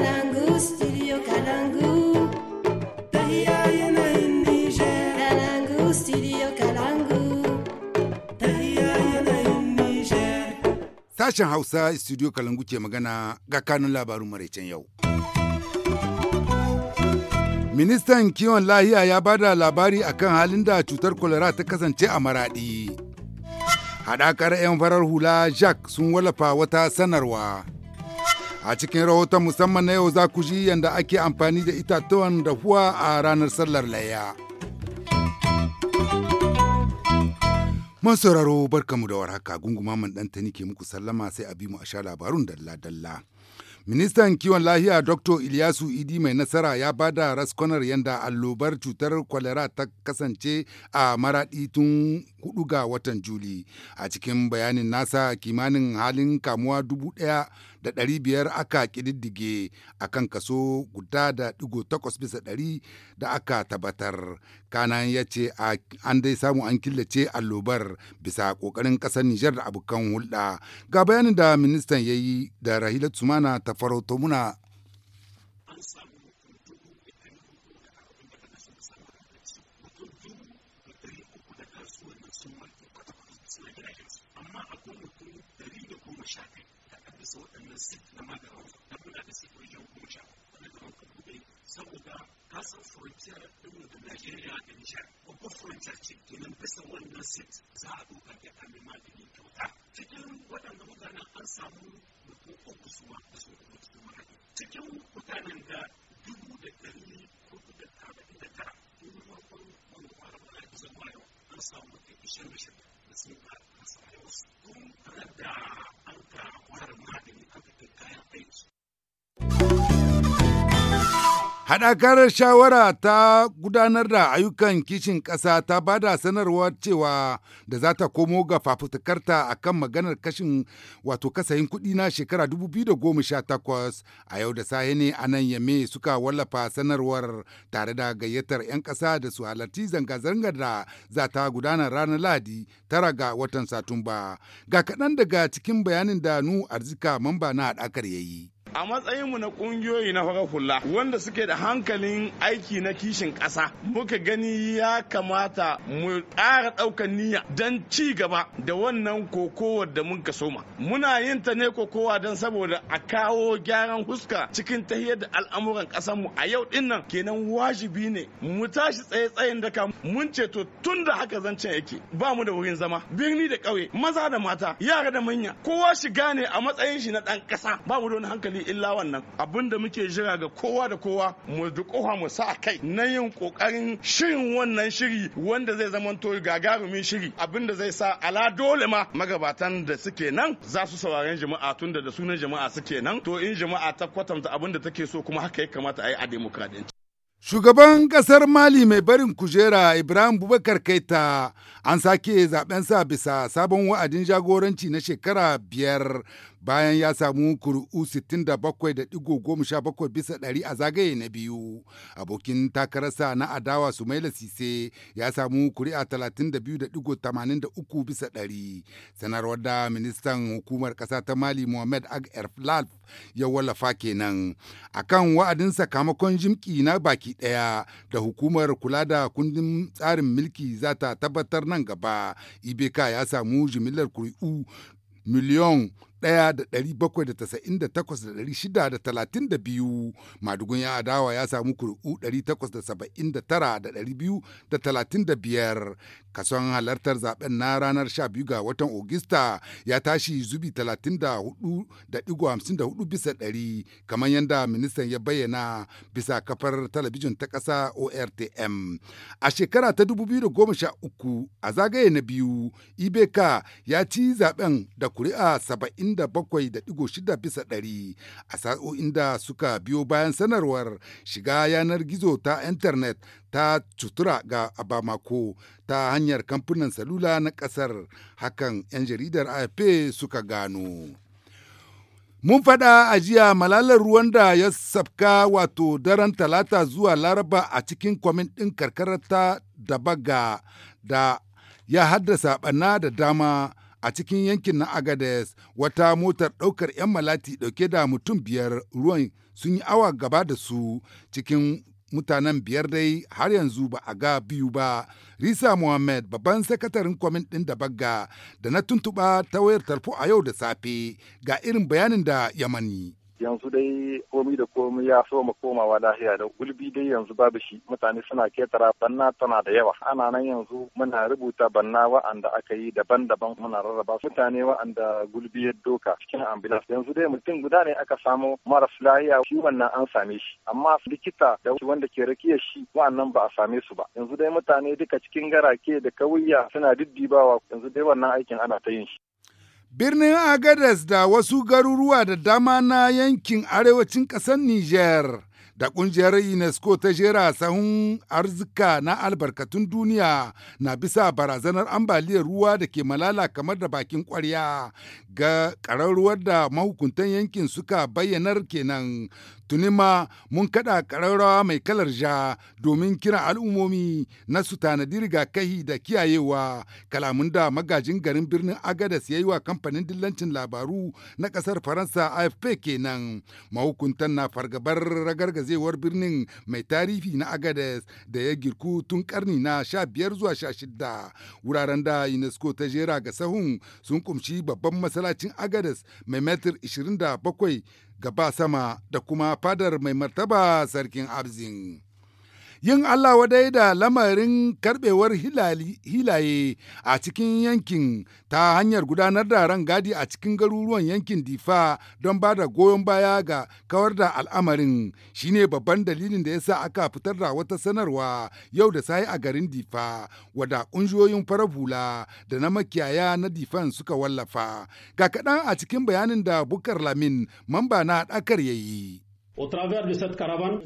kalangu sashen hausa studio kalangu ke magana ga kanun labarun maraicen yau ministan kiwon lahiya ya ba da labari kan halin da cutar kwalara ta kasance a maraɗi haɗakar 'yan farar hula Jacques sun wallafa wata sanarwa A cikin rahoton musamman na yau za ku ji yadda ake amfani da itatuwan dahuwa a ranar sallar layya. Man sauraro barkamu da warhaka gunguma man ɗantani ke muku sallama sai a bi mu a sha labarun dalla-dalla. Ministan kiwon lahiya Dr. Ilyasu Idi mai nasara ya ba da raskonar yadda allobar cutar kwalera ta kasance a maraɗi tun hudu ga watan Juli. A cikin bayanin nasa kimanin halin kamuwa dubu daya da dari biyar aka ƙididdige a kan kaso guda da digo takwas bisa dari da aka tabbatar. Kanan ya ce an dai samu an killace allobar bisa kokarin ƙasar Nijar da abokan hulɗa. Ga bayanin da ministan ya yi da Rahila Tsumana ta farauto muna shafi da su waɗannan sit na magaran da muna da sit wajen goma wanda da wanka buɗe saboda kasan frontier ɗinmu da Najeriya da Nijar babban frontier ce kenan bisa wannan sit za a ɗauka da amin magani kyauta cikin waɗanda magana an samu mutum uku su ma da su kuma cikin magani cikin mutanen da dubu da ɗari da arba'in da tara dubu farkon wanda fara mana da yau an samu mutum ishirin da ce ba a sayo sun da an ka wayar magani aka kai kayan aiki Haɗakar shawara ta gudanar da ayyukan kishin ƙasa ta ba da sanarwar cewa da za ta komo ga fafutukarta a kan maganar kashin wato kasayin kuɗi na shekara 2018 a yau da sahe ne a nan yame suka wallafa sanarwar tare da gayyatar 'yan ƙasa da su halarci zanga-zangar da za ta gudana ranar Lahadi tara ga watan Satumba. Ga kaɗan daga cikin bayanin da Nu Arzika mamba na haɗakar yayi. a matsayinmu na kungiyoyi na farar hula wanda suke da hankalin aiki na kishin ƙasa muka gani ya kamata mu ƙara ɗaukar niyya don ci gaba da wannan kokowa da mun soma muna yin ta ne kokowa don saboda a kawo gyaran huska cikin tahiyar da al'amuran ƙasarmu a yau din nan kenan wajibi ne mu tashi tsaye tsayin daka mun ceto tun da haka zancen yake ba mu da wurin zama birni da ƙauye maza da mata yara da manya kowa shiga ne a matsayin shi na ɗan ƙasa ba mu da wani hankali illa wannan abin da muke jira ga kowa da kowa mu duƙuwa mu sa kai na yin ƙoƙarin shirin wannan shiri wanda zai zama to gagarumin shiri abin da zai sa ala dole ma magabatan da suke nan za su sauraren jama'a tun da sunan jama'a suke nan to in jama'a ta kwatanta abin da take so kuma haka ya kamata a yi a demokradiyya Shugaban ƙasar Mali mai barin kujera Ibrahim Bubakar kaita an sake sa bisa sabon wa'adin jagoranci na shekara biyar bayan ya samu kuri'u 67.17 bisa ɗari a zagaye na biyu. Abokin takararsa na adawa Sumaila Sise ya samu kuri'a 32.83 bisa ɗari. Sanarwar da ministan hukumar ƙasa ta Mali Mohamed Ag Erflal ya wallafa kenan kan wa'adin sakamakon jimki na baki ɗaya da hukumar kula da kundin tsarin milki za ta tabbatar nan gaba ibeka ya samu jimillar kuri'u miliyan 1,798,632 madugun ya adawa ya samu kuri'u 879,235 kason halartar zaben na ranar 12 ga watan ogista ya tashi zubi 34.54 bisa ɗari kamar yadda ministan ya bayyana bisa kafar talabijin ta ƙasa ortm a shekara ta 2013 a zagaye na biyu ibeka ya ci zaben da kuri'a 70 67.6 bisa ɗari a sa'o'in da suka biyo bayan sanarwar shiga yanar gizo ta intanet ta cutura ga abamako ta hanyar kamfanin salula na ƙasar hakan 'yan jaridar afp suka gano. Mun faɗa a jiya malalar ruwan da ya sabka wato daren talata zuwa laraba a cikin kwamin ɗin karkarar ta da baga da ya haddasa ɓanna da dama a cikin yankin na agades wata motar ɗaukar 'yan malati ɗauke da mutum biyar ruwan sun yi awa gaba da su cikin mutanen biyar dai har yanzu ba a ga biyu ba risa mohammed babban sakataren kwamin ɗin da bagga da na tuntuɓa ta wayar tarfo a yau da safe ga irin bayanin da yamani yanzu dai komi da komi ya so mu komawa lahiya da gulbi dai yanzu babu shi mutane suna ketara banna tana da yawa ana nan yanzu muna rubuta banna wa'anda aka yi daban-daban muna rarraba mutane wa'anda gulbi ya doka cikin ambulance yanzu dai mutum guda ne aka samo maras lahiya shi wannan an same shi amma likita da wanda ke rakiya shi wa'annan ba a same su ba yanzu dai mutane duka cikin garake da kauya suna diddibawa yanzu dai wannan aikin ana ta yin shi Birnin Agadas da wasu garuruwa da dama na yankin arewacin ƙasar Nijar da ƙungiyar UNESCO ta jera sahun arzika na albarkatun duniya na bisa barazanar ambaliyar ruwa da ke malala kamar da bakin ƙwarya ga ƙararruwar da mahukuntan yankin suka bayyanar kenan tuni ma mun kaɗa ƙararrawa mai kalar ja domin kiran al'ummomi na su tanadi rigakahi da kiyayewa kalamun da magajin garin birnin agadas ya yi wa kamfanin dillancin labaru na ƙasar faransa afp kenan mahukuntan na fargabar ragargazewar birnin mai tarihi na agadas da ya girku tun karni na sha biyar zuwa sha shida wuraren da unesco ta jera ga sahun sun kumshi babban masar masallacin agadas mai metir 27 gaba sama da kuma fadar mai martaba sarkin abzin. yin Allah wadai da lamarin karbewar hilaye a cikin yankin ta hanyar gudanar da rangadi a cikin garuruwan yankin Difa don ba da goyon baya ga kawar da al'amarin shine babban dalilin da ya sa aka fitar da wata sanarwa yau da sai a garin Difa wada ƙungiyoyin farar hula da na makiyaya na Difan suka wallafa. Ga kaɗan a cikin bayanin da Bukar Lamin mamba na ɗakar ya yi.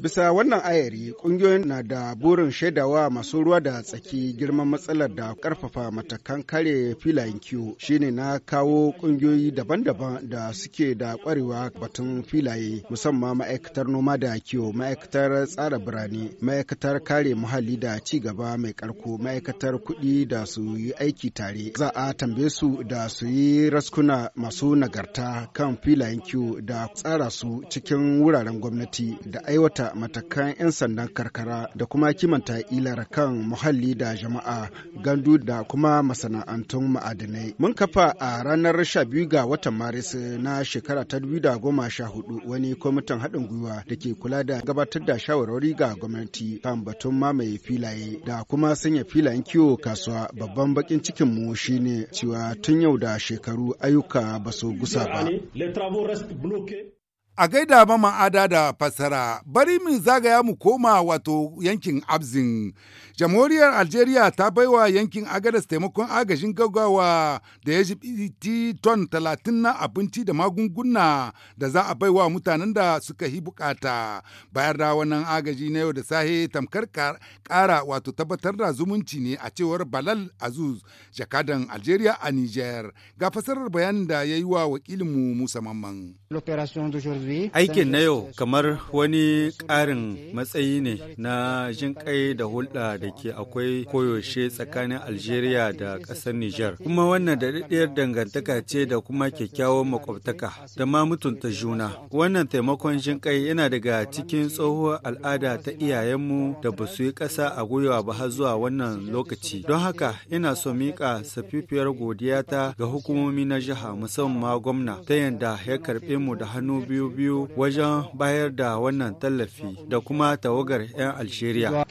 Bisa wannan ayari ƙungiyoyin na da burin shaidawa masu ruwa da tsaki girman matsalar da ƙarfafa matakan kare filayen kiwo shine na kawo ƙungiyoyi daban-daban da suke da ƙwarewa batun filaye musamman ma'aikatar noma da kiwo ma'aikatar tsara birane ma'aikatar kare muhalli da ci gaba mai karko ma'aikatar kuɗi da su yi aiki tare za a tambaye su da su yi raskuna masu nagarta kan filayen kiwo da tsara su cikin wuraren gwamnati da aiwata matakan 'yan sandan karkara da kuma kimanta ilar kan muhalli da jama'a gandu da kuma masana'antun ma'adinai. Mun kafa a ranar 12 ga watan Maris na shekara ta hudu wani kwamitin haɗin gwiwa da ke kula da gabatar da shawarwari ga gwamnati kan batun mamaye filaye da kuma sanya filayen kiwo kasuwa babban bakin cikin mu shine cewa tun yau da shekaru ayyuka ba su gusa ba. A gaida mama ma'ada da fassara, bari mu zagaya mu koma wato yankin Abzin. Jamhuriyar Algeria ta baiwa yankin Agadas taimakon agajin gaggawa da ya ji ton talatin na abinci da magunguna da za a baiwa mutanen da suka yi bukata. Bayar da wannan agaji na yau da sahe tamkar kara wato tabbatar da zumunci ne a cewar Balal Azuz, jakadan Algeria a Niger. Ga fasarar bayanin da ya yi wa wakilinmu Musa Mamman. L'opération Aikin na yau kamar wani ƙarin matsayi ne na jinƙai da hulɗa da ke akwai koyaushe tsakanin Algeria da ƙasar Nijar. Kuma wannan daɗaɗɗiyar dangantaka ce da kuma kyakkyawan makwabtaka da ma mutunta juna. Wannan taimakon jinƙai yana daga cikin tsohuwar al'ada ta iyayenmu da ba su yi ƙasa a gwiwa ba har zuwa wannan lokaci. Don haka ina so miƙa safifiyar godiyata ga hukumomi na jiha musamman ma gwamna ta yanda ya karɓe mu da hannu biyu biyu wajen bayar da wannan tallafi da kuma tawagar 'yan Algeria.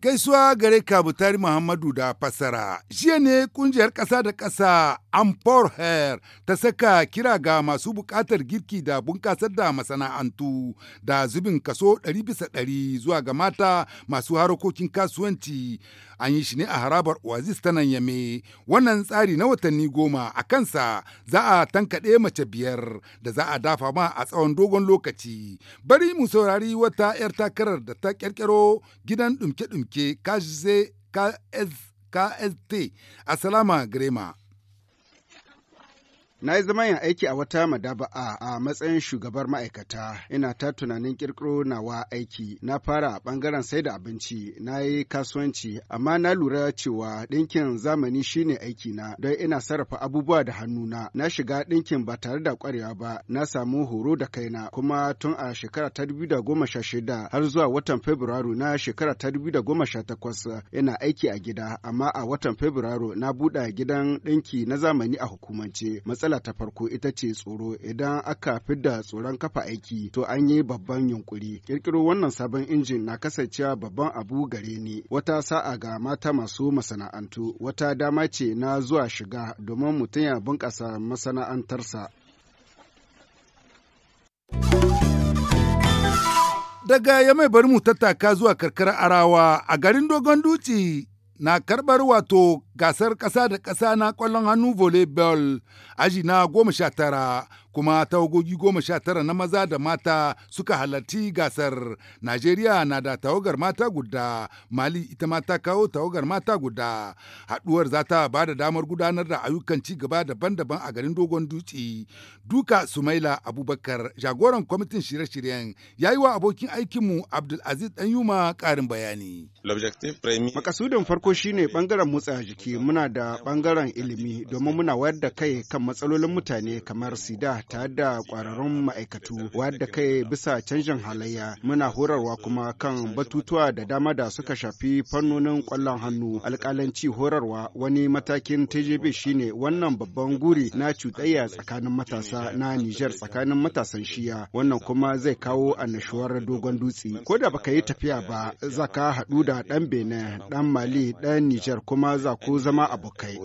Gaisuwa gare Kabutari Muhammadu da fassara. Jiya ne kungiyar ƙasa da ƙasa Ampor Hair ta saka kira ga masu buƙatar girki da bunƙasar da masana'antu da zubin kaso 100 zuwa ga mata masu harkokin kasuwanci. An yi shi ne a harabar Oasis ta nan Yame. Wannan tsari na watanni goma a kansa za a tankaɗe mace biyar da za a dafa ma a tsawon dogon lokaci. Bari mu saurari wata 'yar takarar da ta ƙirƙiro gidan ɗumke-ɗumke KST Asalama Grema. Na yi zama yin aiki a wata madaba'a a matsayin shugabar ma'aikata, ina ta tunanin kirkiro nawa aiki. Na fara bangaren sai da abinci, na yi kasuwanci, amma na lura cewa ɗinkin zamani shine aiki na don ina sarrafa abubuwa da hannuna. Na shiga ɗinkin ba tare da ƙwarewa ba, na samu horo da kaina kuma tun a shekara ta shida har zuwa watan Fabrairu na shekara ta takwas ina aiki a gida, amma a watan Fabrairu na buɗe gidan ɗinki na zamani a hukumance. matsala ta farko ita ce tsoro idan aka da tsoron kafa aiki to an yi babban yunkuri. Kirkiro wannan sabon injin na kasancewa babban abu gare ni wata sa'a ga mata masu masana'antu wata dama ce na zuwa shiga domin mutum ya bunƙasa masana'antarsa. daga ya mai bari mu tattaka zuwa karkar arawa a garin dogon duci na karɓar wato gasar ƙasa da ƙasa na ƙwallon hannu volleyball aji na goma sha tara kuma tawagogi goma sha tara na maza da mata suka halarci gasar. Najeriya na da tawagar mata guda, Mali ita ma ta kawo tawagar mata guda. Haɗuwar za ta ba da damar gudanar da ayyukan ci gaba daban-daban a garin Dogon Dutse. Duka Sumaila Abubakar, jagoran kwamitin shirye-shiryen, ya yi wa abokin aikinmu Abdulaziz yuma karin bayani. Makasudin farko shine bangaren motsa jiki muna da bangaren ilimi domin muna wayar da kai kan matsalolin mutane kamar sida tare da kwararrun ma'aikatu wadda kai bisa canjin halayya muna horarwa kuma kan batutuwa da dama da suka shafi fannonin kwallon hannu alkalanci horarwa wani matakin tjb shine wannan babban guri na cuɗayya tsakanin matasa na niger tsakanin matasan shiya wannan kuma zai kawo annashuwar dogon dutse ko da baka yi tafiya ba za ka haɗu da ɗan benin ɗan mali ɗan niger kuma za ku zama abokai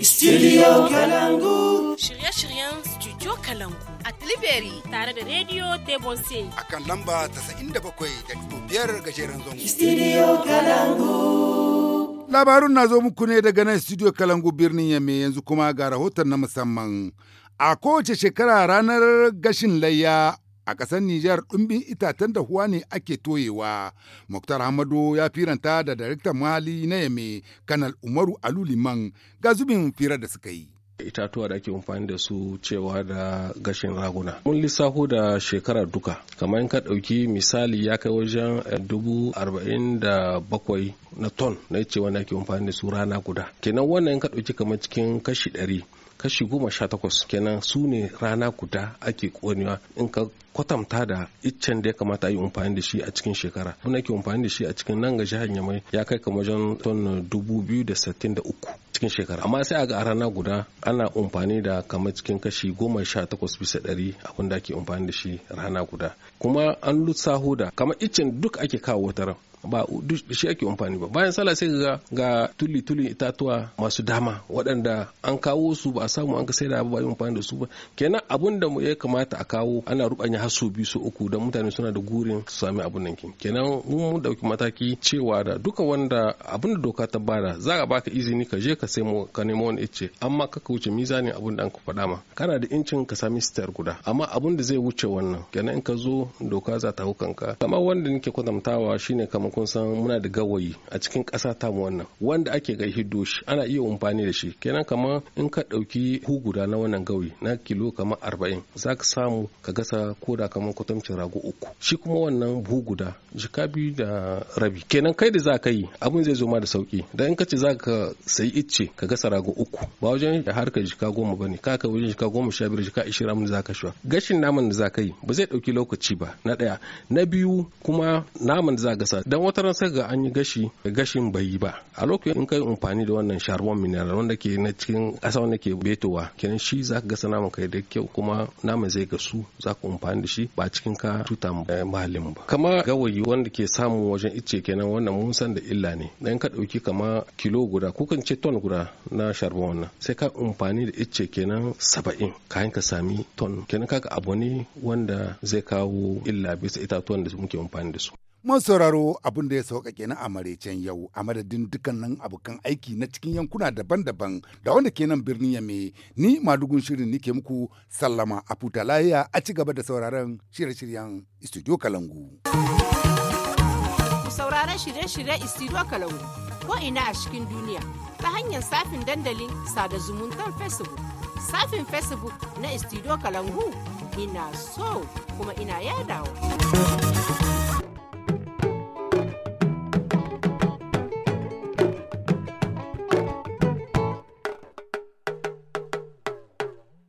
Studio Kalangu. Shirye-shiryen Studio Kalangu. A Tilibiri tare da Radio Tebonse. A kan lamba da 97.5 gajeren zango. Studio Kalangu. Labarun na zo muku ne daga nan Studio Kalangu birnin Yamme yanzu kuma ga rahoton na musamman. A kowace shekara ranar gashin layya a ƙasar Nijar ɗumbin itatan da huwa ne ake toyewa. Muktar Hamadu ya firanta da daraktan mali na Yame, Kanal Umaru Aluliman ga zubin firar da suka yi. itatuwa da ake amfani da su cewa da gashin raguna mun lissafo da shekarar duka kamar in ka ɗauki misali ya kai wajen eh, dubu arba'in da bakwai na ton na cewa wanda ake amfani da su rana guda kenan wannan in ka ɗauki kamar cikin kashi ɗari kashi goma sha takwas kenan su ne rana guda ake konewa in ka kwatanta da iccen da ya kamata a yi amfani da shi a cikin shekara muna ke amfani da shi a cikin nan ga jihar yamai ya kai kama wajen ton dubu biyu da sittin da uku cikin shekara amma sai a ga rana guda ana amfani da kama cikin kashi goma sha takwas bisa ɗari abin da ake amfani da shi rana guda kuma an lissaho da kamar iccen duk ake kawo wata ba shi ake amfani ba bayan sallah sai ga ga tuli tuli itatuwa masu dama waɗanda an kawo su ba a samu an ka sai da ba yi amfani da su ba kenan abun da ya kamata a kawo ana rubanya har so biyu so uku da mutane suna da gurin su sami abun nan kenan mun dauki mataki cewa da duka wanda abun da doka ta bada za a baka izini ka je ka sai ka nemo wani ice amma ka wuce mizani abun da an ka faɗa ma kana da incin ka sami sitar guda amma abun da zai wuce wannan kenan in ka zo doka za ta hukanka kamar wanda nake kwatantawa shine kamar kun san muna da gawayi a cikin ƙasa ta wannan wanda ake ga hiddo shi ana iya amfani da shi kenan kamar in ka ɗauki hu guda na wannan gawayi na kilo kamar arba'in za ka samu ka gasa koda kamar kwatancin rago uku shi kuma wannan hu guda jika biyu da rabi kenan kai da za ka yi abin zai zo ma da sauki dan in ka ce za ka sayi icce ka gasa rago uku ba wajen har ka jika goma bane ka ka wajen jika goma sha biyar jika ishirin mun za ka sha gashin naman da za ka yi ba zai ɗauki lokaci ba na ɗaya na biyu kuma naman da za ka gasa don wata ran ga an yi gashi gashin bai yi ba a lokacin in kai amfani da wannan sharwan mineral wanda ke na cikin ƙasa wanda ke betowa kenan shi za ka gasa naman kai da kyau kuma naman zai gasu za ka amfani da shi ba cikin ka tuta mahallin eh, ba kama gawayi wanda ke samun wajen icce kenan wannan mun san da illa ne dan ka dauki kama kilo guda ko kan ce ton guda na sharwan wannan sai ka amfani da icce kenan saba'in kayan ka sami ton kenan kaga abu ne wanda zai kawo illa bisa itatuwan da muke amfani da su Mun sauraro abin da ya sauka na a yau a madadin dukkanin abokan aiki na cikin yankuna daban-daban da wanda ke nan birnin Yame ni madugun shirin nike muku sallama a futa layya a ci gaba da sauraron shirye-shiryen Studio Kalangu. Sauraron shirye shiryen Studio Kalangu ko ina a cikin duniya ta hanyar safin dandalin sada zumuntar Facebook. Safin Facebook na Studio Kalangu ina so kuma ina yadawa.